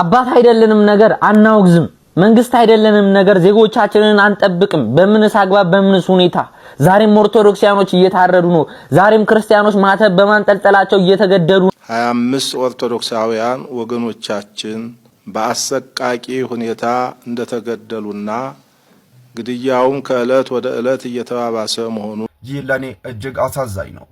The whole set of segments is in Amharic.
አባት አይደለንም ነገር አናወግዝም። መንግስት አይደለንም ነገር ዜጎቻችንን አንጠብቅም። በምንስ አግባብ በምንስ ሁኔታ? ዛሬም ኦርቶዶክሳኖች እየታረዱ ነው። ዛሬም ክርስቲያኖች ማተብ በማንጠልጠላቸው እየተገደሉ ነው። 25 ኦርቶዶክሳውያን ወገኖቻችን በአሰቃቂ ሁኔታ እንደተገደሉና ግድያውም ከእለት ወደ እለት እየተባባሰ መሆኑ ይህ ለእኔ እጅግ አሳዛኝ ነው።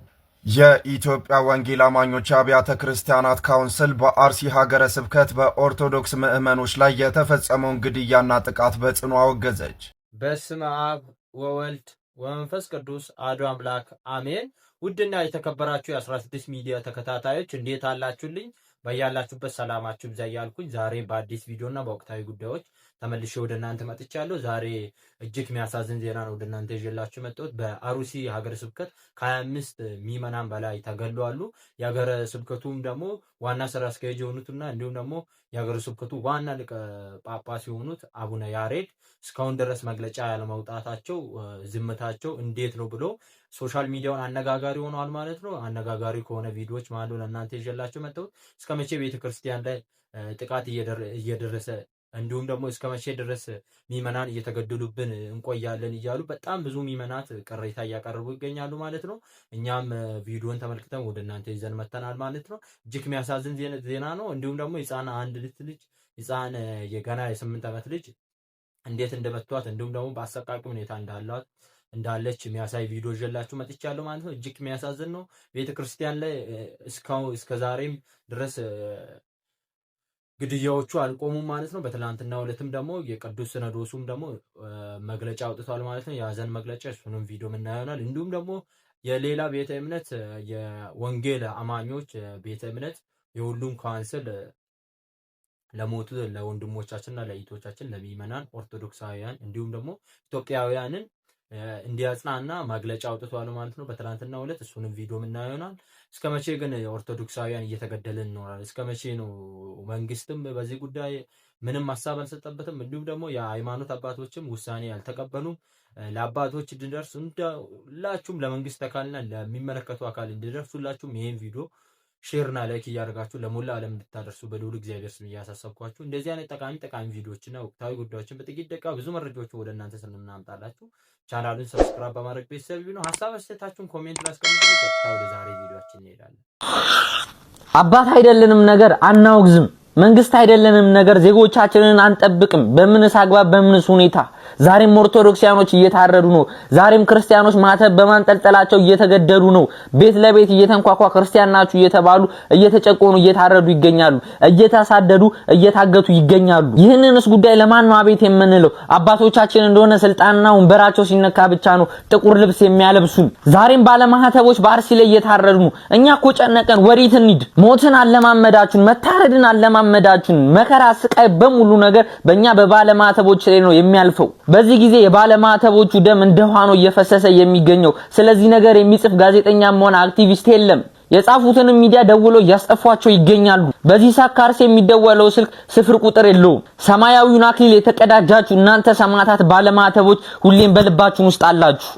የኢትዮጵያ ወንጌል አማኞች አብያተ ክርስቲያናት ካውንስል በአርሲ ሀገረ ስብከት በኦርቶዶክስ ምዕመኖች ላይ የተፈጸመውን ግድያና ጥቃት በጽኑ አወገዘች። በስመ አብ ወወልድ ወመንፈስ ቅዱስ አዶ አምላክ አሜን። ውድና የተከበራችሁ የ16 ሚዲያ ተከታታዮች እንዴት አላችሁልኝ? በያላችሁበት ሰላማችሁ ብዛ እያልኩኝ ዛሬ በአዲስ ቪዲዮና በወቅታዊ ጉዳዮች ተመልሼ ወደ እናንተ መጥቻለሁ። ዛሬ እጅግ የሚያሳዝን ዜና ነው ወደ እናንተ ይዤላችሁ መጣሁት። በአሩሲ ሀገረ ስብከት ከ25 ሚመናን በላይ ተገለዋሉ። የሀገረ ስብከቱም ደግሞ ዋና ስራ አስኪያጅ የሆኑትና እንዲሁም ደግሞ የሀገረ ስብከቱ ዋና ሊቀ ጳጳስ የሆኑት አቡነ ያሬድ እስካሁን ድረስ መግለጫ ያለመውጣታቸው ዝምታቸው እንዴት ነው ብሎ ሶሻል ሚዲያውን አነጋጋሪ ሆኗል ማለት ነው። አነጋጋሪ ከሆነ ቪዲዮዎች ማሉ ለእናንተ ይዤላችሁ መጣሁት። እስከ መቼ ቤተክርስቲያን ላይ ጥቃት እየደረሰ እንዲሁም ደግሞ እስከ መቼ ድረስ ሚመናን እየተገደሉብን እንቆያለን እያሉ በጣም ብዙ ሚመናት ቅሬታ እያቀረቡ ይገኛሉ ማለት ነው። እኛም ቪዲዮን ተመልክተን ወደ እናንተ ይዘን መተናል ማለት ነው። እጅግ የሚያሳዝን ዜና ነው። እንዲሁም ደግሞ ህፃን አንድ ልጅ ህፃን የገና የስምንት ዓመት ልጅ እንዴት እንደመቷት እንዲሁም ደግሞ በአሰቃቂ ሁኔታ እንዳላት እንዳለች የሚያሳይ ቪዲዮ ይዤላችሁ መጥቻለሁ ማለት ነው። እጅግ የሚያሳዝን ነው። ቤተክርስቲያን ላይ እስከ ዛሬም ድረስ ግድያዎቹ አልቆሙም ማለት ነው። በትናንትናው ዕለትም ደግሞ የቅዱስ ሲኖዶሱም ደግሞ መግለጫ አውጥቷል ማለት ነው። የሀዘን መግለጫ እሱንም ቪዲዮ ምናየሆናል። እንዲሁም ደግሞ የሌላ ቤተ እምነት የወንጌል አማኞች ቤተ እምነት የሁሉም ካውንስል ለሞቱ ለወንድሞቻችንና ለእህቶቻችን ለሚመናን ኦርቶዶክሳውያን እንዲሁም ደግሞ ኢትዮጵያውያንን እንዲያጽናና መግለጫ አውጥቷል ማለት ነው በትናንትናው ዕለት። እሱንም ቪዲዮ ምና ይሆናል። እስከ መቼ ግን ኦርቶዶክሳውያን እየተገደልን እንኖራለን? እስከ መቼ ነው? መንግስትም በዚህ ጉዳይ ምንም ሀሳብ አልሰጠበትም። እንዲሁም ደግሞ የሃይማኖት አባቶችም ውሳኔ አልተቀበሉም። ለአባቶች እንድደርስ ሁላችሁም ለመንግስት አካልና ለሚመለከቱ አካል እንዲደርስ ሁላችሁም ይህን ቪዲዮ ሼርና ላይክ እያደረጋችሁ ለሞላ ዓለም እንድታደርሱ በልዑል እግዚአብሔር ስም እያሳሰብኳችሁ እንደዚህ አይነት ጠቃሚ ጠቃሚ ቪዲዮዎችና ወቅታዊ ጉዳዮችን በጥቂት ደቂቃ ብዙ መረጃዎችን ወደ እናንተ ስንናምጣላችሁ ቻናሉን ሰብስክራይብ በማድረግ ቤተሰብ ነው። ሀሳብ አስተያየታችሁን ኮሜንት ላይ አስቀምጡ። ቀጥታ ወደ ዛሬ ቪዲዮችን እንሄዳለን። አባት አይደለንም ነገር አናወግዝም። መንግስት አይደለንም ነገር ዜጎቻችንን አንጠብቅም። በምንስ አግባብ በምንስ ሁኔታ ዛሬም ኦርቶዶክሲያኖች እየታረዱ ነው። ዛሬም ክርስቲያኖች ማተብ በማንጠልጠላቸው እየተገደሉ ነው። ቤት ለቤት እየተንኳኳ ክርስቲያን ናችሁ እየተባሉ እየተጨቆኑ እየታረዱ ይገኛሉ። እየታሳደዱ እየታገቱ ይገኛሉ። ይህንንስ ጉዳይ ለማን ነው አቤት የምንለው? አባቶቻችን እንደሆነ ስልጣንና ወንበራቸው ሲነካ ብቻ ነው ጥቁር ልብስ የሚያለብሱን። ዛሬም ባለማህተቦች በአርሲ ላይ እየታረዱ ነው። እኛ እኮ ጨነቀን። ወዴት እንሂድ? ሞትን አለማመዳችሁን፣ መታረድን አለማመዳችሁን። መከራ፣ ስቃይ በሙሉ ነገር በእኛ በባለማህተቦች ላይ ነው የሚያልፈው። በዚህ ጊዜ የባለማተቦቹ ደም እንደ ውሃ ነው እየፈሰሰ የሚገኘው። ስለዚህ ነገር የሚጽፍ ጋዜጠኛም ሆነ አክቲቪስት የለም። የጻፉትንም ሚዲያ ደውሎ እያስጠፏቸው ይገኛሉ። በዚህ ሳካርስ የሚደወለው ስልክ ስፍር ቁጥር የለውም። ሰማያዊውን አክሊል የተቀዳጃችሁ እናንተ ሰማዕታት ባለማተቦች ሁሌም በልባችሁ ውስጥ አላችሁ።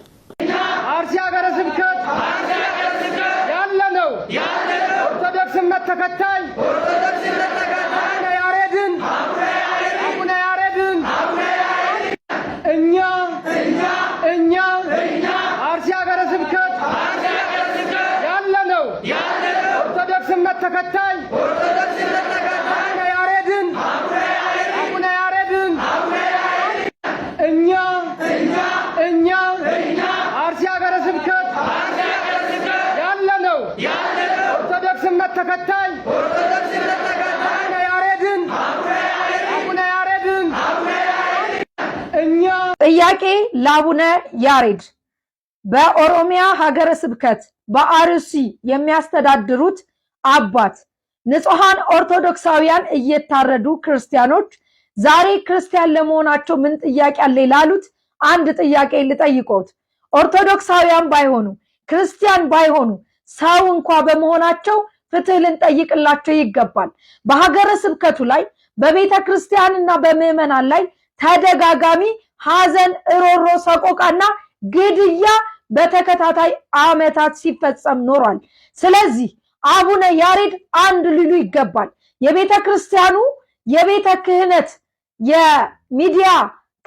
ጥያቄ ለአቡነ ያሬድ በኦሮሚያ ሀገረ ስብከት በአርሲ የሚያስተዳድሩት አባት ንጹሐን ኦርቶዶክሳውያን እየታረዱ ክርስቲያኖች ዛሬ ክርስቲያን ለመሆናቸው ምን ጥያቄ አለ ይላሉት። አንድ ጥያቄ ልጠይቆት። ኦርቶዶክሳውያን ባይሆኑ ክርስቲያን ባይሆኑ ሰው እንኳ በመሆናቸው ፍትህ ልንጠይቅላቸው ይገባል። በሀገረ ስብከቱ ላይ በቤተ ክርስቲያንና በምዕመናን ላይ ተደጋጋሚ ሐዘን፣ እሮሮ፣ ሰቆቃና ግድያ በተከታታይ ዓመታት ሲፈጸም ኖሯል። ስለዚህ አቡነ ያሬድ አንድ ሊሉ ይገባል። የቤተ ክርስቲያኑ የቤተ ክህነት የሚዲያ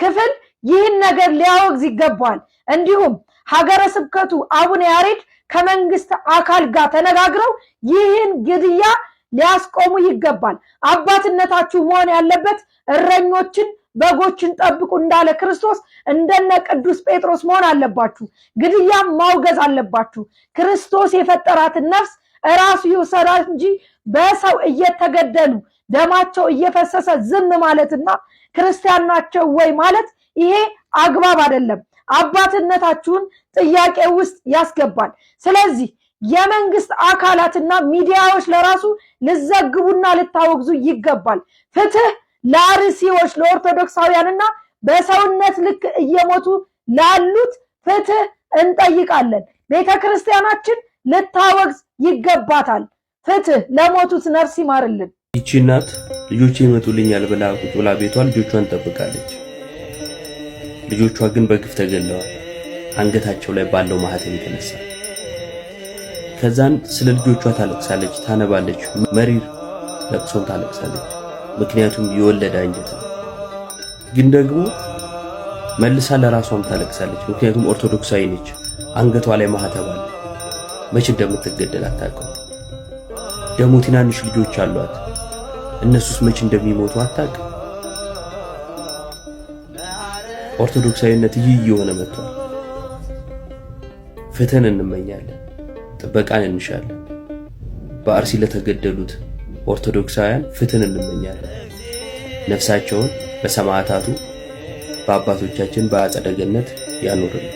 ክፍል ይህን ነገር ሊያወግዝ ይገባል። እንዲሁም ሀገረ ስብከቱ አቡነ ያሬድ ከመንግስት አካል ጋር ተነጋግረው ይህን ግድያ ሊያስቆሙ ይገባል። አባትነታችሁ መሆን ያለበት እረኞችን በጎችን ጠብቁ እንዳለ ክርስቶስ እንደነ ቅዱስ ጴጥሮስ መሆን አለባችሁ። ግድያም ማውገዝ አለባችሁ። ክርስቶስ የፈጠራትን ነፍስ እራሱ ይውሰዳ እንጂ በሰው እየተገደሉ ደማቸው እየፈሰሰ ዝም ማለትና ክርስቲያን ናቸው ወይ ማለት ይሄ አግባብ አይደለም። አባትነታችሁን ጥያቄ ውስጥ ያስገባል። ስለዚህ የመንግስት አካላትና ሚዲያዎች ለራሱ ልዘግቡና ልታወግዙ ይገባል። ፍትህ ለአርሲዎች ለኦርቶዶክሳውያንና በሰውነት ልክ እየሞቱ ላሉት ፍትህ እንጠይቃለን። ቤተ ክርስቲያናችን ልታወግዝ ይገባታል። ፍትህ ለሞቱት ነፍስ ይማርልን። ይቺ እናት ልጆቼ ይመጡልኛል ብላ ቁጭ ብላ ቤቷ ልጆቿን ጠብቃለች። ልጆቿ ግን በግፍ ተገለዋል፣ አንገታቸው ላይ ባለው ማህተም የተነሳ። ከዛን ስለ ልጆቿ ታለቅሳለች፣ ታነባለች፣ መሪር ለቅሶን ታለቅሳለች። ምክንያቱም የወለደ አንጀት ነው። ግን ደግሞ መልሳ ለራሷም ታለቅሳለች፣ ምክንያቱም ኦርቶዶክሳዊ ነች። አንገቷ ላይ ማህተብ አለ። መቼ እንደምትገደል አታውቅም። ደግሞ ትናንሽ ልጆች አሏት። እነሱስ መቼ እንደሚሞቱ አታውቅም። ኦርቶዶክሳዊነት ይህ እየሆነ መጥቷል። ፍትህን እንመኛለን፣ ጥበቃን እንሻለን። በአርሲ ለተገደሉት ኦርቶዶክሳውያን ፍትህን እንመኛለን። ነፍሳቸውን በሰማዕታቱ በአባቶቻችን በአጸደ ገነት ያኑርልን።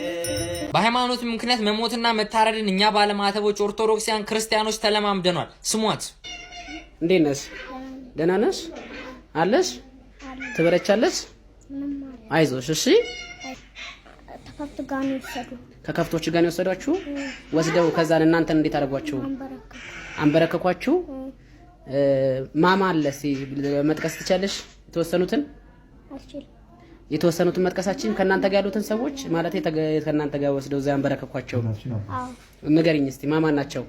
በሃይማኖት ምክንያት መሞትና መታረድን እኛ ባለማተቦች ኦርቶዶክሲያን ክርስቲያኖች ተለማምደኗል። ስሟት። እንዴት ነስ? ደህና ነስ? አለስ? ትበረቻለስ? አይዞሽ። እሺ ከከብቶች ጋር ነው የወሰዷችሁ? ወስደው ከዛን እናንተን እንዴት አደረጓችሁ? አንበረከኳችሁ? ማማ አለ መጥቀስ ትቻለሽ? የተወሰኑትን የተወሰኑትን መጥቀሳችን ከእናንተ ጋር ያሉትን ሰዎች ማለት ከእናንተ ጋር ወስደው እዚያ ያንበረከኳቸው ንገሪኝ እስቲ ማማ ናቸው?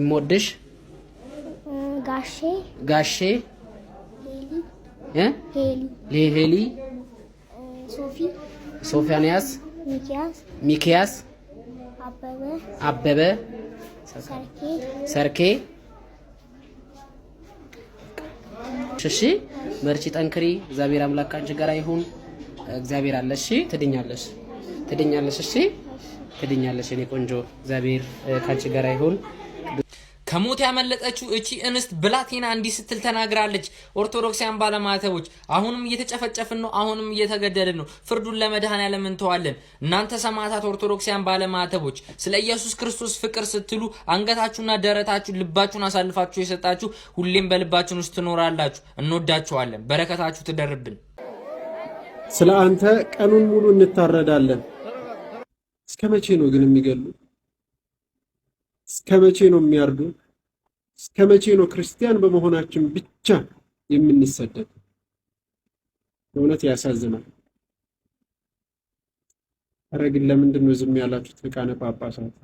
እምወድሽ ጋሼ ጋሼ ሄሊ ሶፊያንያስ ሚኪያስ አበበ ሰርኬ ሽሺ በርቺ፣ ጠንክሪ። እግዚአብሔር አምላክ ካንቺ ጋር ይሁን። እግዚአብሔር አለ። እሺ ትድኛለሽ፣ ትድኛለሽ። እሺ ትድኛለሽ፣ እኔ ቆንጆ። እግዚአብሔር ካንቺ ጋር ይሁን። ከሞት ያመለጠችው እቺ እንስት ብላቴና እንዲህ ስትል ተናግራለች። ኦርቶዶክሳውያን ባለማተቦች አሁንም እየተጨፈጨፍን ነው፣ አሁንም እየተገደልን ነው። ፍርዱን ለመድኃኔዓለም እንተዋለን። እናንተ ሰማዕታት፣ ኦርቶዶክሳውያን ባለማተቦች ስለ ኢየሱስ ክርስቶስ ፍቅር ስትሉ አንገታችሁና ደረታችሁ ልባችሁን አሳልፋችሁ የሰጣችሁ ሁሌም በልባችን ውስጥ ትኖራላችሁ። እንወዳችኋለን። በረከታችሁ ትደርብን። ስለ አንተ ቀኑን ሙሉ እንታረዳለን። እስከ መቼ ነው ግን የሚገሉ እስከ መቼ ነው የሚያርዱ? እስከ መቼ ነው ክርስቲያን በመሆናችን ብቻ የምንሰደድ? በእውነት ያሳዝናል። ኧረ ግን ለምንድን ነው ዝም ያላችሁት ሊቃነ ጳጳሳት?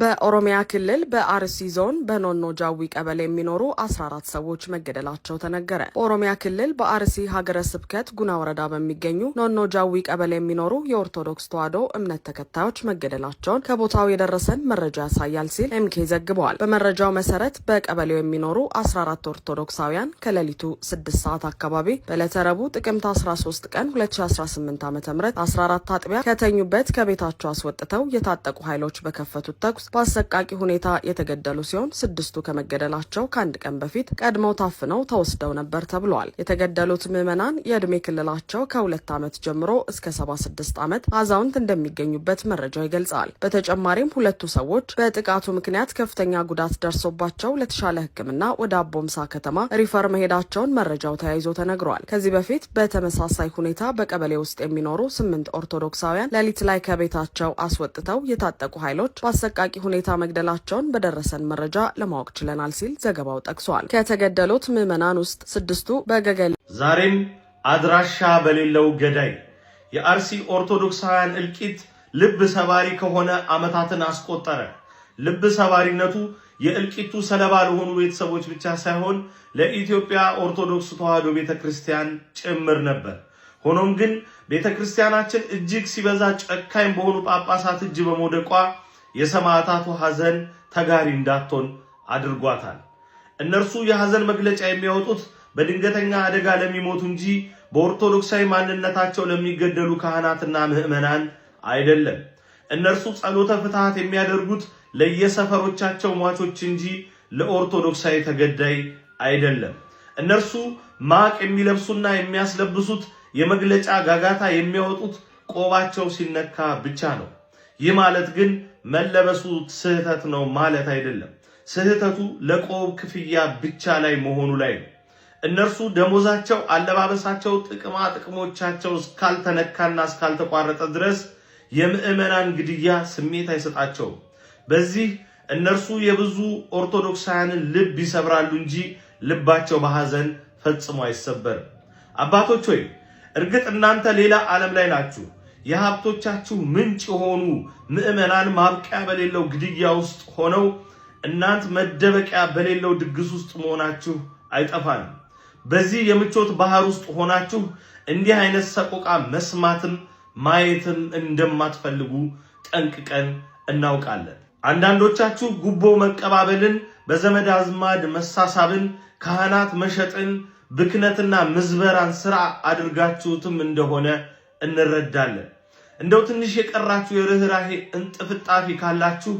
በኦሮሚያ ክልል በአርሲ ዞን በኖኖ ጃዊ ቀበሌ የሚኖሩ 14 ሰዎች መገደላቸው ተነገረ። በኦሮሚያ ክልል በአርሲ ሀገረ ስብከት ጉና ወረዳ በሚገኙ ኖኖ ጃዊ ቀበሌ የሚኖሩ የኦርቶዶክስ ተዋሕዶ እምነት ተከታዮች መገደላቸውን ከቦታው የደረሰን መረጃ ያሳያል ሲል ኤምኬ ዘግበዋል። በመረጃው መሰረት በቀበሌው የሚኖሩ 14 ኦርቶዶክሳውያን ከሌሊቱ 6 ሰዓት አካባቢ በዕለተ ረቡዕ ጥቅምት 13 ቀን 2018 ዓ ም 14 አጥቢያ ከተኙበት ከቤታቸው አስወጥተው የታጠቁ ኃይሎች በከፈቱት ተኩስ በአሰቃቂ ሁኔታ የተገደሉ ሲሆን ስድስቱ ከመገደላቸው ከአንድ ቀን በፊት ቀድመው ታፍነው ተወስደው ነበር ተብሏል። የተገደሉት ምዕመናን የዕድሜ ክልላቸው ከሁለት ዓመት ጀምሮ እስከ ሰባ ስድስት ዓመት አዛውንት እንደሚገኙበት መረጃው ይገልጻል። በተጨማሪም ሁለቱ ሰዎች በጥቃቱ ምክንያት ከፍተኛ ጉዳት ደርሶባቸው ለተሻለ ሕክምና ወደ አቦምሳ ከተማ ሪፈር መሄዳቸውን መረጃው ተያይዞ ተነግሯል። ከዚህ በፊት በተመሳሳይ ሁኔታ በቀበሌ ውስጥ የሚኖሩ ስምንት ኦርቶዶክሳውያን ሌሊት ላይ ከቤታቸው አስወጥተው የታጠቁ ኃይሎች በአሰቃ በአሰቃቂ ሁኔታ መግደላቸውን በደረሰን መረጃ ለማወቅ ችለናል ሲል ዘገባው ጠቅሷል። ከተገደሉት ምዕመናን ውስጥ ስድስቱ በገገል ዛሬም አድራሻ በሌለው ገዳይ የአርሲ ኦርቶዶክሳውያን እልቂት ልብ ሰባሪ ከሆነ ዓመታትን አስቆጠረ። ልብ ሰባሪነቱ የእልቂቱ ሰለባ ለሆኑ ቤተሰቦች ብቻ ሳይሆን ለኢትዮጵያ ኦርቶዶክስ ተዋሕዶ ቤተ ክርስቲያን ጭምር ነበር። ሆኖም ግን ቤተ ክርስቲያናችን እጅግ ሲበዛ ጨካኝ በሆኑ ጳጳሳት እጅ በመውደቋ የሰማዕታቱ ሐዘን ተጋሪ እንዳትሆን አድርጓታል። እነርሱ የሐዘን መግለጫ የሚያወጡት በድንገተኛ አደጋ ለሚሞቱ እንጂ በኦርቶዶክሳዊ ማንነታቸው ለሚገደሉ ካህናትና ምዕመናን አይደለም። እነርሱ ጸሎተ ፍትሐት የሚያደርጉት ለየሰፈሮቻቸው ሟቾች እንጂ ለኦርቶዶክሳዊ ተገዳይ አይደለም። እነርሱ ማቅ የሚለብሱና የሚያስለብሱት የመግለጫ ጋጋታ የሚያወጡት ቆባቸው ሲነካ ብቻ ነው። ይህ ማለት ግን መለበሱ ስህተት ነው ማለት አይደለም። ስህተቱ ለቆብ ክፍያ ብቻ ላይ መሆኑ ላይ ነው። እነርሱ ደሞዛቸው፣ አለባበሳቸው፣ ጥቅማ ጥቅሞቻቸው እስካልተነካና እስካልተቋረጠ ድረስ የምዕመናን ግድያ ስሜት አይሰጣቸውም። በዚህ እነርሱ የብዙ ኦርቶዶክሳውያንን ልብ ይሰብራሉ እንጂ ልባቸው በሐዘን ፈጽሞ አይሰበርም። አባቶች ሆይ እርግጥ እናንተ ሌላ ዓለም ላይ ናችሁ። የሀብቶቻችሁ ምንጭ የሆኑ ምዕመናን ማብቂያ በሌለው ግድያ ውስጥ ሆነው እናንት መደበቂያ በሌለው ድግስ ውስጥ መሆናችሁ አይጠፋን። በዚህ የምቾት ባህር ውስጥ ሆናችሁ እንዲህ አይነት ሰቆቃ መስማትም ማየትም እንደማትፈልጉ ጠንቅቀን እናውቃለን። አንዳንዶቻችሁ ጉቦ መቀባበልን፣ በዘመድ አዝማድ መሳሳብን፣ ካህናት መሸጥን፣ ብክነትና ምዝበራን ስራ አድርጋችሁትም እንደሆነ እንረዳለን። እንደው ትንሽ የቀራችሁ የርኅራሄ እንጥፍጣፊ ካላችሁ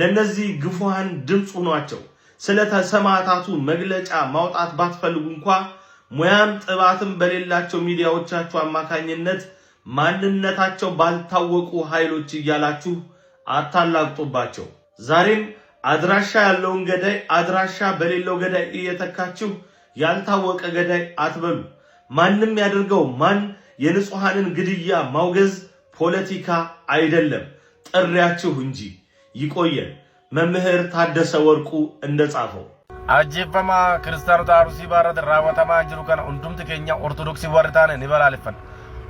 ለእነዚህ ግፉሃን ድምፅ ሆኗቸው ስለ ተሰማዕታቱ መግለጫ ማውጣት ባትፈልጉ እንኳ ሙያም ጥባትም በሌላቸው ሚዲያዎቻችሁ አማካኝነት ማንነታቸው ባልታወቁ ኃይሎች እያላችሁ አታላግጡባቸው። ዛሬም አድራሻ ያለውን ገዳይ አድራሻ በሌለው ገዳይ እየተካችሁ ያልታወቀ ገዳይ አትበሉ። ማንም ያደርገው ማን የንጹሐንን ግድያ ማውገዝ ፖለቲካ አይደለም ጥሪያችሁ እንጂ። ይቆየን። መምህር ታደሰ ወርቁ እንደጻፈው አጀበማ ክርስቲያኖት አሩሲ ባረት ራወተማ እንጅሩ ከነ ሁንዱምት ኬኛ ኦርቶዶክስ ወርታነ ኒበላልፈን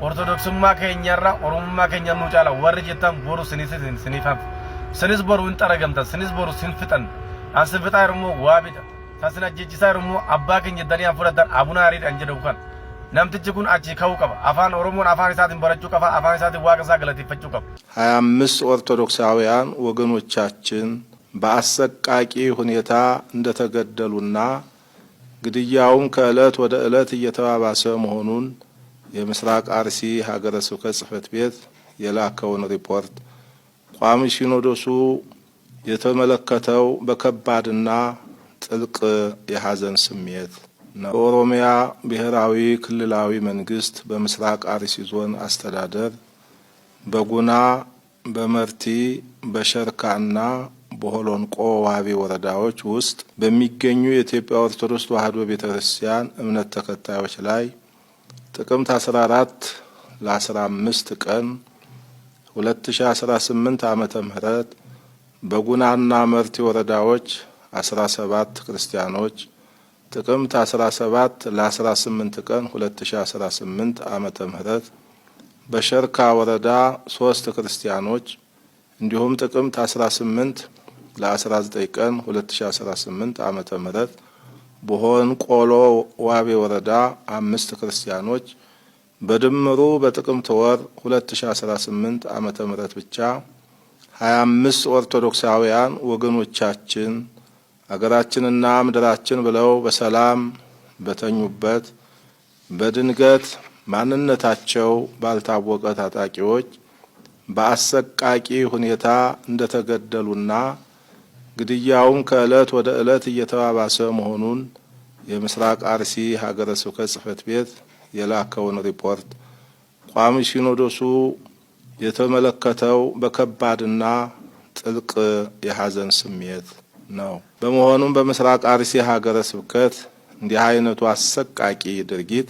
ኦርቶዶክስማ ኬኛራ ኦሮሞማ ከኛ ኑጫላ ወር ጀታን ቦሩ ስኒስ ስኒፋም ስኒስ ቦሩ እንጠረገምተ ስኒስ ቦሩ ስንፍጠን አንስፍጣ ይርሞ ዋቢጠ ተስነጅጅሳ ይርሞ አባ ኬኝ ደኒ አንፉረተን አቡና አሪድ አንጀደውከን namtichi kun achi ka'uu qaba. Afaan Oromoon afaan isaatiin barachuu qaba. Afaan isaatiin waaqa isaa galateeffachuu qaba. ሀያ አምስት ኦርቶዶክሳውያን ወገኖቻችን በአሰቃቂ ሁኔታ እንደተገደሉና ግድያውም ከዕለት ወደ ዕለት እየተባባሰ መሆኑን የምስራቅ አርሲ ሀገረ ስብከት ጽሕፈት ቤት የላከውን ሪፖርት ቋሚ ሲኖዶሱ የተመለከተው በከባድና ጥልቅ የሐዘን ስሜት ነው። በኦሮሚያ ብሔራዊ ክልላዊ መንግስት በምስራቅ አርሲ ዞን አስተዳደር በጉና በመርቲ በሸርካና በሆሎንቆ ዋቢ ወረዳዎች ውስጥ በሚገኙ የኢትዮጵያ ኦርቶዶክስ ተዋሕዶ ቤተ ክርስቲያን እምነት ተከታዮች ላይ ጥቅምት 14 ለ15 ቀን 2018 ዓመተ ምህረት በጉናና መርቲ ወረዳዎች 17 ክርስቲያኖች ጥቅምት 17 ለ18 ቀን 2018 ዓመተ ምህረት በሸርካ ወረዳ ሶስት ክርስቲያኖች እንዲሁም ጥቅምት 18 ለ19 ቀን 2018 ዓመተ ምህረት በሆን ቆሎ ዋቤ ወረዳ አምስት ክርስቲያኖች በድምሩ በጥቅምት ወር 2018 ዓመተ ምህረት ብቻ 25 ኦርቶዶክሳውያን ወገኖቻችን አገራችንና ምድራችን ብለው በሰላም በተኙበት በድንገት ማንነታቸው ባልታወቀ ታጣቂዎች በአሰቃቂ ሁኔታ እንደተገደሉና ግድያውም ከእለት ወደ ዕለት እየተባባሰ መሆኑን የምስራቅ አርሲ ሀገረ ስብከት ጽሕፈት ቤት የላከውን ሪፖርት ቋሚ ሲኖዶሱ የተመለከተው በከባድና ጥልቅ የሐዘን ስሜት ነው። በመሆኑም በምስራቅ አርሲ ሀገረ ስብከት እንዲህ አይነቱ አሰቃቂ ድርጊት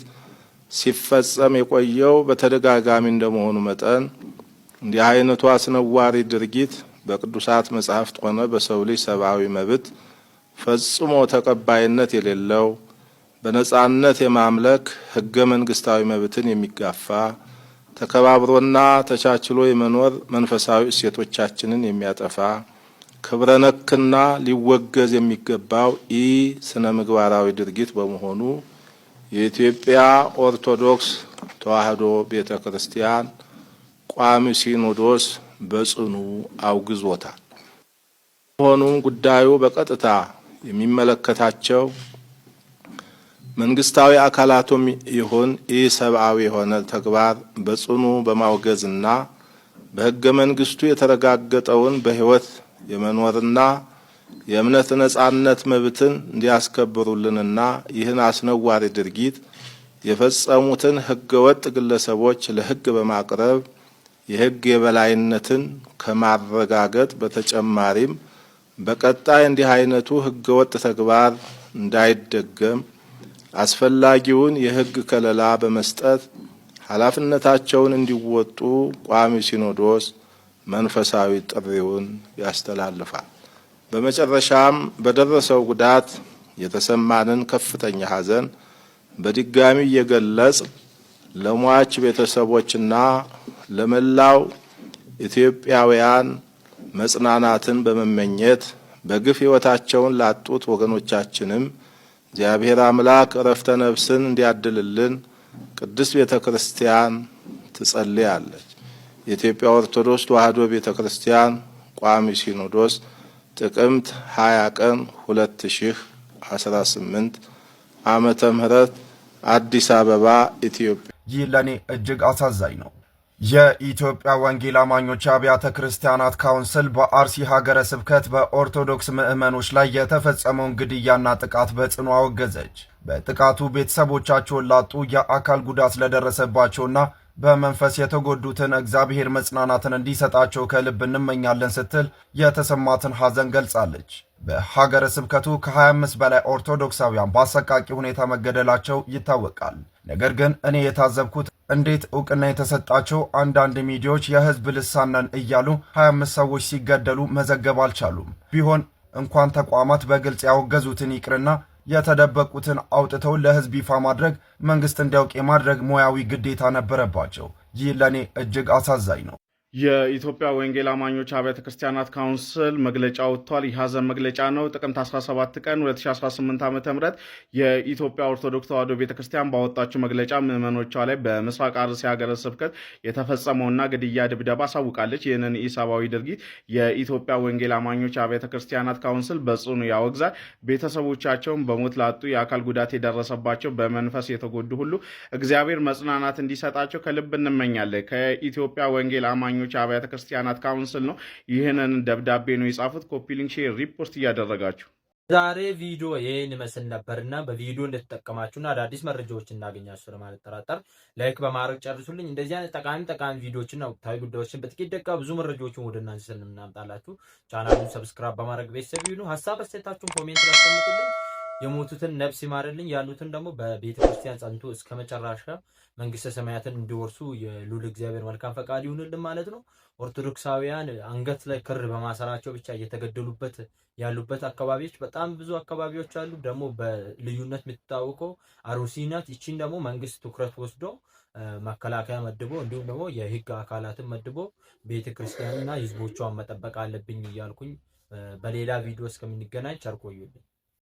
ሲፈጸም የቆየው በተደጋጋሚ እንደመሆኑ መጠን እንዲህ አይነቱ አስነዋሪ ድርጊት በቅዱሳት መጻሕፍት ሆነ በሰው ልጅ ሰብአዊ መብት ፈጽሞ ተቀባይነት የሌለው በነጻነት የማምለክ ህገ መንግስታዊ መብትን የሚጋፋ ተከባብሮና ተቻችሎ የመኖር መንፈሳዊ እሴቶቻችንን የሚያጠፋ ክብረነክና ሊወገዝ የሚገባው ኢ ስነ ምግባራዊ ድርጊት በመሆኑ የኢትዮጵያ ኦርቶዶክስ ተዋሕዶ ቤተ ክርስቲያን ቋሚ ሲኖዶስ በጽኑ አውግዞታል። ሆኑም ጉዳዩ በቀጥታ የሚመለከታቸው መንግስታዊ አካላቱም ይሁን ኢ ሰብአዊ የሆነ ተግባር በጽኑ በማውገዝና በሕገ መንግስቱ የተረጋገጠውን በሕይወት የመኖርና የእምነት ነጻነት መብትን እንዲያስከብሩልንና ይህን አስነዋሪ ድርጊት የፈጸሙትን ህገወጥ ግለሰቦች ለህግ በማቅረብ የህግ የበላይነትን ከማረጋገጥ በተጨማሪም በቀጣይ እንዲህ አይነቱ ህገወጥ ተግባር እንዳይደገም አስፈላጊውን የህግ ከለላ በመስጠት ኃላፊነታቸውን እንዲወጡ ቋሚ ሲኖዶስ መንፈሳዊ ጥሪውን ያስተላልፋል። በመጨረሻም በደረሰው ጉዳት የተሰማንን ከፍተኛ ሐዘን በድጋሚ እየገለጽ ለሟች ቤተሰቦችና ለመላው ኢትዮጵያውያን መጽናናትን በመመኘት በግፍ ሕይወታቸውን ላጡት ወገኖቻችንም እግዚአብሔር አምላክ እረፍተ ነፍስን እንዲያድልልን ቅድስት ቤተ ክርስቲያን ትጸልያለች። የኢትዮጵያ ኦርቶዶክስ ተዋሕዶ ቤተ ክርስቲያን ቋሚ ሲኖዶስ ጥቅምት 20 ቀን 2018 ዓመተ ምህረት አዲስ አበባ ኢትዮጵያ። ይህ ለእኔ እጅግ አሳዛኝ ነው። የኢትዮጵያ ወንጌል አማኞች አብያተ ክርስቲያናት ካውንስል በአርሲ ሀገረ ስብከት በኦርቶዶክስ ምዕመኖች ላይ የተፈጸመውን ግድያና ጥቃት በጽኑ አወገዘች። በጥቃቱ ቤተሰቦቻቸውን ላጡ፣ የአካል ጉዳት ለደረሰባቸውና በመንፈስ የተጎዱትን እግዚአብሔር መጽናናትን እንዲሰጣቸው ከልብ እንመኛለን ስትል የተሰማትን ሐዘን ገልጻለች። በሀገረ ስብከቱ ከ25 በላይ ኦርቶዶክሳውያን በአሰቃቂ ሁኔታ መገደላቸው ይታወቃል። ነገር ግን እኔ የታዘብኩት እንዴት እውቅና የተሰጣቸው አንዳንድ ሚዲያዎች የህዝብ ልሳን ነን እያሉ 25 ሰዎች ሲገደሉ መዘገብ አልቻሉም። ቢሆን እንኳን ተቋማት በግልጽ ያወገዙትን ይቅርና የተደበቁትን አውጥተው ለህዝብ ይፋ ማድረግ መንግስት እንዲያውቅ የማድረግ ሙያዊ ግዴታ ነበረባቸው። ይህ ለእኔ እጅግ አሳዛኝ ነው። የኢትዮጵያ ወንጌል አማኞች አብያተ ክርስቲያናት ካውንስል መግለጫ ወጥቷል። የሐዘን መግለጫ ነው። ጥቅምት 17 ቀን 2018 ዓ ም የኢትዮጵያ ኦርቶዶክስ ተዋህዶ ቤተክርስቲያን ባወጣችው መግለጫ ምዕመኖቿ ላይ በምስራቅ አርሲ ሀገረ ስብከት የተፈጸመውና ግድያ፣ ድብደባ አሳውቃለች። ይህንን ኢሰብአዊ ድርጊት የኢትዮጵያ ወንጌል አማኞች አብያተ ክርስቲያናት ካውንስል በጽኑ ያወግዛል። ቤተሰቦቻቸውን በሞት ላጡ፣ የአካል ጉዳት የደረሰባቸው፣ በመንፈስ የተጎዱ ሁሉ እግዚአብሔር መጽናናት እንዲሰጣቸው ከልብ እንመኛለን። ከኢትዮጵያ ወንጌል አማኞች የአማኞች አብያተ ክርስቲያናት ካውንስል ነው ይህንን ደብዳቤ ነው የጻፉት። ኮፒሊንግ ሼር ሪፖርት እያደረጋችሁ ዛሬ ቪዲዮ ይህን ይመስል ነበር በቪዲዮ እንደተጠቀማችሁና አዳዲስ መረጃዎች እናገኛችሁ ለማልጠራጠር ላይክ በማድረግ ጨርሱልኝ። እንደዚህ አይነት ጠቃሚ ጠቃሚ ቪዲዮዎችና ወቅታዊ ጉዳዮችን በጥቂት ደቂቃ ብዙ መረጃዎችን ወደ እናንተ ስለምናምጣላችሁ ቻናሉን ሰብስክራይብ በማድረግ ቤተሰብ ይሁኑ። ሀሳብ አስተያየታችሁን ኮሜንት ላስቀምጡልኝ። የሞቱትን ነፍስ ይማርልኝ ያሉትን ደግሞ በቤተ ክርስቲያን ጸንቶ እስከ መጨረሻ መንግስተ ሰማያትን እንዲወርሱ የሉል እግዚአብሔር መልካም ፈቃድ ይሁንልን ማለት ነው። ኦርቶዶክሳውያን አንገት ላይ ክር በማሰራቸው ብቻ እየተገደሉበት ያሉበት አካባቢዎች በጣም ብዙ አካባቢዎች አሉ። ደግሞ በልዩነት የምትታወቀው አሩሲ ናት። ይቺን ደግሞ መንግስት ትኩረት ወስዶ መከላከያ መድቦ እንዲሁም ደግሞ የህግ አካላትን መድቦ ክርስቲያንና ህዝቦቿን መጠበቅ አለብኝ እያልኩኝ በሌላ ቪዲዮ እስከምንገናኝ ቸር ቆዩልኝ።